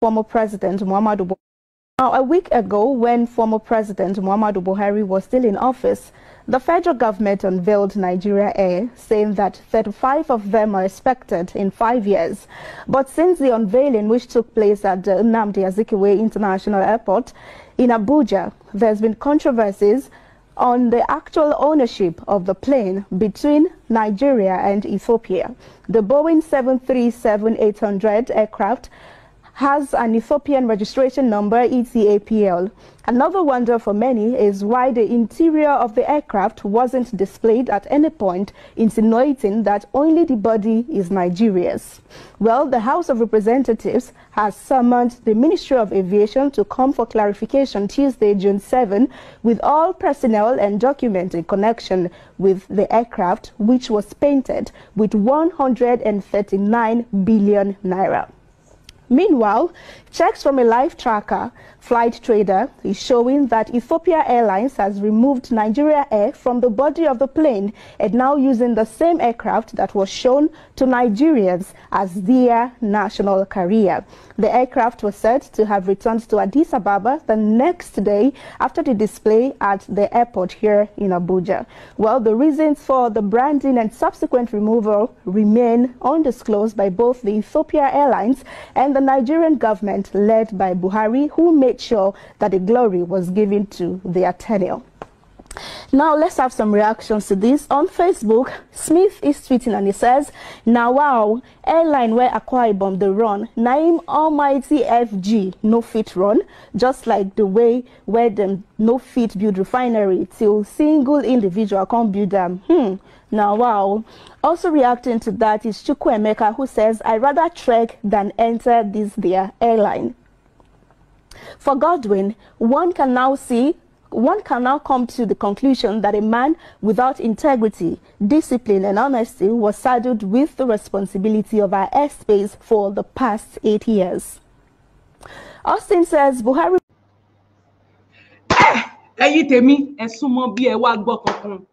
former President Muhammadu Now, a week ago, when former President Muhammadu Buhari was still in office, the federal government unveiled Nigeria Air, saying that 35 of them are expected in five years. But since the unveiling, which took place at the Nnamdi Azikiwe International Airport in Abuja, there's been controversies on the actual ownership of the plane between Nigeria and Ethiopia. The Boeing 737-800 aircraft has an Ethiopian registration number, ETAPL. Another wonder for many is why the interior of the aircraft wasn't displayed at any point, insinuating that only the body is Nigeria's. Well, the House of Representatives has summoned the Ministry of Aviation to come for clarification Tuesday, June 7, with all personnel and documents in connection with the aircraft, which was painted with 139 billion naira. Meanwhile, checks from a live tracker flight trader is showing that Ethiopia Airlines has removed Nigeria Air from the body of the plane and now using the same aircraft that was shown to Nigerians as their national carrier. The aircraft was said to have returned to Addis Ababa the next day after the display at the airport here in Abuja. Well, the reasons for the branding and subsequent removal remain undisclosed by both the Ethiopia Airlines and the the Nigerian government led by Buhari, who made sure that the glory was given to their tenure. Now let's have some reactions to this. On Facebook, Smith is tweeting and he says, Now wow, airline where Aqua Ibom the run, Naim Almighty FG, no fit run, just like the way where them no fit build refinery till single individual can build them. Hmm. Now wow. Also reacting to that is Chuku Emeka who says, I rather trek than enter this their airline. For Godwin, one can now see one can now come to the conclusion that a man without integrity, discipline, and honesty was saddled with the responsibility of our airspace for the past eight years. Austin says Buhari. Eh, you tèmi me, and bí ẹ wá gbọ́ kankan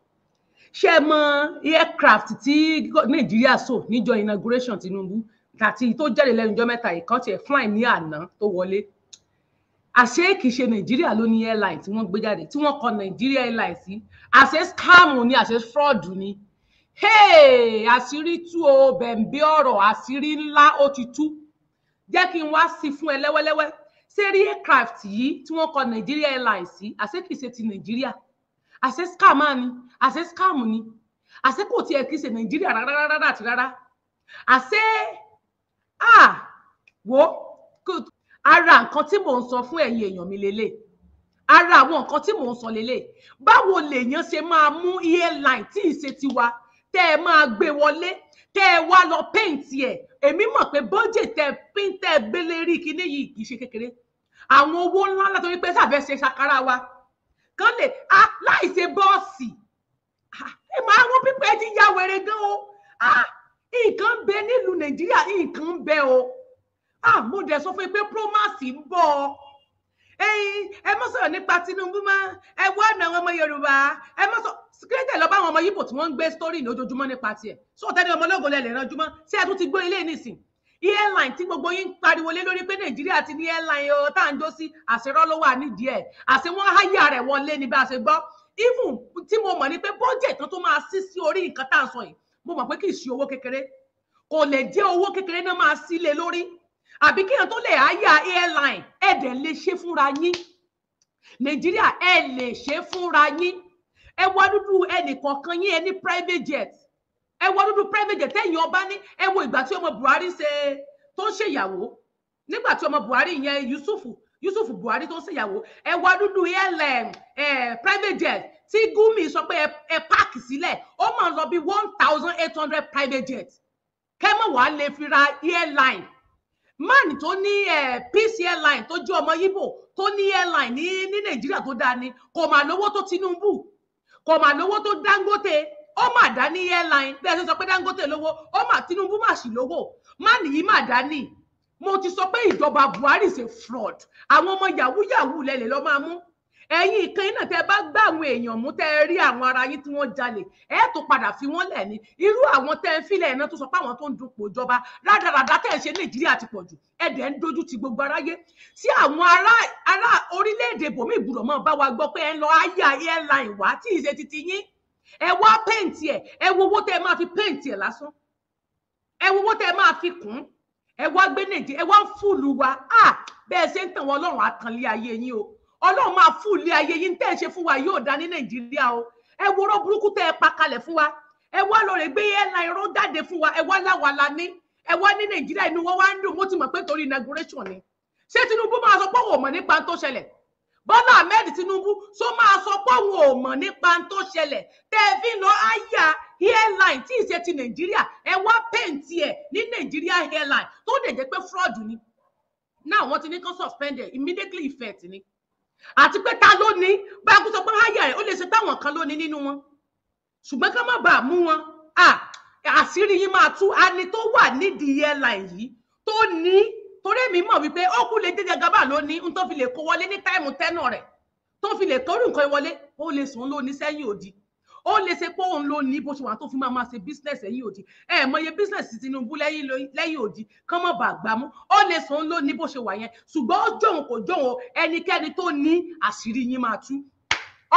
ṣé ẹ mọ aircraft tí nàìjíríà so níjọ́ inauguration Tinubu àti toja le lẹ́nu ọjọ́ mẹ́ta ìkànnì ẹ fly tó wale." àṣé kìí ṣe nàìjíríà ló ní airline tí wọ́n gbé jáde tí wọ́n kọ nàìjíríà airline sí àṣé scam ni àṣé fraud ni hey àṣírí tú o bẹ̀m̀bẹ̀ ọ̀rọ̀ àṣírí ńlá ó ti tú jẹ́ kí n wá sí fún ẹ lẹ́wẹ́lẹ́wẹ́ ṣé rí aircraft yìí tí wọ́n kọ nàìjíríà airline sí àṣé kìí ṣe ti nàìjíríà àṣé scam ni àṣé scam ni àṣé kò tiẹ̀ kìí ṣe nàìjíríà rárá rárá àti rárá àṣé wo ara nǹkan tí mò ń sọ fún ẹ̀yin èèyàn mi lélẹ̀ ara àwọn nǹkan tí mò ń sọ lélẹ̀ báwo lèèyàn ṣe máa mú airline tí ìṣe tiwa tẹ́ ẹ máa gbé wọlé tẹ́ ẹ wá lọ péǹtì ẹ̀ èmi mọ̀ pé bọ́jẹ̀ tẹ́ píntẹ́ gbélé rí kíní yìí kì í ṣe kékeré àwọn owó ńlá ńlá torí pé sàfẹ́ ṣe ṣàkárá wa kán lè a láì ṣe bọ́ọ̀sì ẹ máa wọ́n pípẹ́ jí yá wẹ̀rẹ̀ gan o nǹkan ń bẹ nílùú nàìjíríà nǹkan ń bẹ o ah mo dẹ̀ sọ fún yín pé promax ń bọ̀ ẹ̀yin ẹ mọ́ sọ̀rọ̀ nípa Tinubu mọ́ ẹ wá ọ̀nà àwọn ọmọ Yorùbá ẹ mọ́ sọ kírétẹ̀ lọ bá àwọn ọmọ Yíbò tí wọ́n ń gbé sítórì ní ojoojúmọ́ nípa tiẹ̀ sọ tẹ́lẹ̀ ọmọ ológo lẹ̀ lẹ́ranjúmọ́ tí ẹ ti gbọ́ ilé nísìn airline tí gbogbo yín pariwo lé lórí pé Nàìjíríà ti ní airline ọ̀ tá à ń jó sí àṣerọ́ ló wà nídìí ẹ̀ àṣẹ wọn háyà rẹ̀ wọlé ní bá a ṣe gbọ́ even tí mo mọ̀ ni pé budget tó máa sí sí orí nǹkan tá à ń sọ yìí mo mọ̀ pé kì í ṣe owó kékeré kò lè jẹ́ owó kékeré náà máa sílé lórí àbí kéèyàn tó lè háyà airline ẹ dẹ̀ lè ṣe fúnra yín nàìjíríà ẹ lè ṣe fúnra yín ẹ wá dúdú ẹnìkọ̀ọ̀kan yín ẹ private jet ẹ wá dúdú private jet ẹ̀yin ọba ní ẹ wo ìgbà tí ọmọ buhari ṣe tó ń ṣèyàwó nígbà tí ọmọ buhari yẹn yusufu yusuf buhari tó ń ṣèyàwó ẹ wá dúdú airline ẹ private jet tí gumi sọ pé ẹ páàkì sílẹ̀ ó máa ń lọ bí one thousand eight hundred private jet kẹ́mọ̀ wàá lè fi ra airline man tó ní peace airline tó jẹ́ ọmọ yíbò tó ní airline ní ní nàìjíríà tó dáa ni kò mà lówó tó tinubu kò mà lówó tó dangote ó mà dá ní airline bẹ́ẹ̀ ṣe sọ pé dangote lówó ó mà tinubu mà sì lówó man yìí mà dá ní mo ti sọ pé ìjọba buhari ṣe fraud àwọn ọmọ yahoo yahoo lẹ́lẹ̀ lọ́ máa mú ẹ̀yin ìkan iná tẹ́ bá gbá àwọn èèyàn mú tẹ́ rí àwọn ara yín tí wọ́n jalè ẹ tó padà fi wọ́n lẹ̀ ní irú àwọn tẹ́ ń filẹ̀ iná tó sọ pé àwọn tó ń dupò ìjọba rádaràdá tẹ́ ń ṣe nàìjíríà ti pọ̀ jù ẹ̀dẹ̀ ń dojú ti gbogbo aráyé tí àwọn ará orílẹ̀-èdè bòmí ìbùdó mọ́ bá wa gbọ́ pé ẹ ń lọ áyà airline wá tí ì ṣe titi yín ẹ wá péǹtì ẹ ẹ wo owó tẹ́ máa fi péǹtì ẹ lásán ẹ wo owó tẹ́ máa fi kún ẹ wá gbé nàìjíríà ẹ wá ń fúlù wa bẹ́ẹ̀ ṣe ń tàn wọ́n ọlọ́run àtànlé ayé yín o ọlọ́run máa fún ilé ayé yín tẹ́ ẹ ṣe fún wa yóò dá ní nàìjíríà o ẹ wúrọ́ burúkú tẹ́ ẹ pa kalẹ̀ fún wa ẹ wá lọ rè gbé airline ró jáde fún wa ẹ wá láwa la ní ẹ wá ní nàìjíríà inú wọn wá ń dùn mo ti mọ̀ pé torí inauguration ni ṣé tinubu máa sọ pé òun ò mọ̀ nípa tó ṣẹlẹ̀ bọ́lá ahmed tinubu sọ máa sọ pé òun ò mọ̀ nípa tó ṣẹlẹ̀ tẹ́ ẹ fi lọ àyà airline tí ì ṣe ti nàìjíríà ẹ wá pẹ́ǹtì ẹ̀ ní nàìjíríà airline tó dẹ̀ jẹ́ pé fraud ni now wọ́n ti ní kán suspended immediately effect ni àti pé ta ló ní báyà kó sọ pé háyà ẹ ó lè ṣe táwọn kan ló ní nínú wọn ṣùgbọ́n ká má bàa mú wọn àṣírí yín máa tú ani tó wà nídìí airline yìí tó ní torí èmi mọ̀ wípé ó kú lè jẹjẹ gàbà ló ní n tó fi lè kó wọlé ní táìmù tẹ́nà rẹ̀ tó fi lè torí nǹkan wọlé ó lè sùn ló ní sẹ́yìn òdì ó lè ṣe pé òun ló ní bó ṣe wà tó fi máa máa ṣe business ẹ̀yìn òdì ẹ mọye business Tinubu lẹ́yìn òdì kán mọ̀ bà gbà mú ó lè sọ òun ló ní bó ṣe wà yẹn ṣùgbọ́n ó jòun kò jòun ẹnikẹ́ni tó ní àṣírí yín máa tú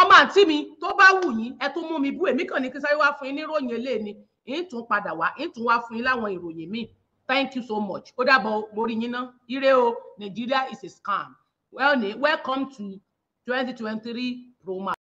ọmọ àǹtí mi tó bá wù yín ẹ tó mú mi bú èmi kàn ní kí sáré wá fún yín ní ìròyìn eléyìí ni ń tún padà wá ń tún wá fún yín láwọn ìròyìn míì thank you so much ó dàbọ̀ mo rí yín ná ire o Nigeria is a scam well welcome to 2023 Roma.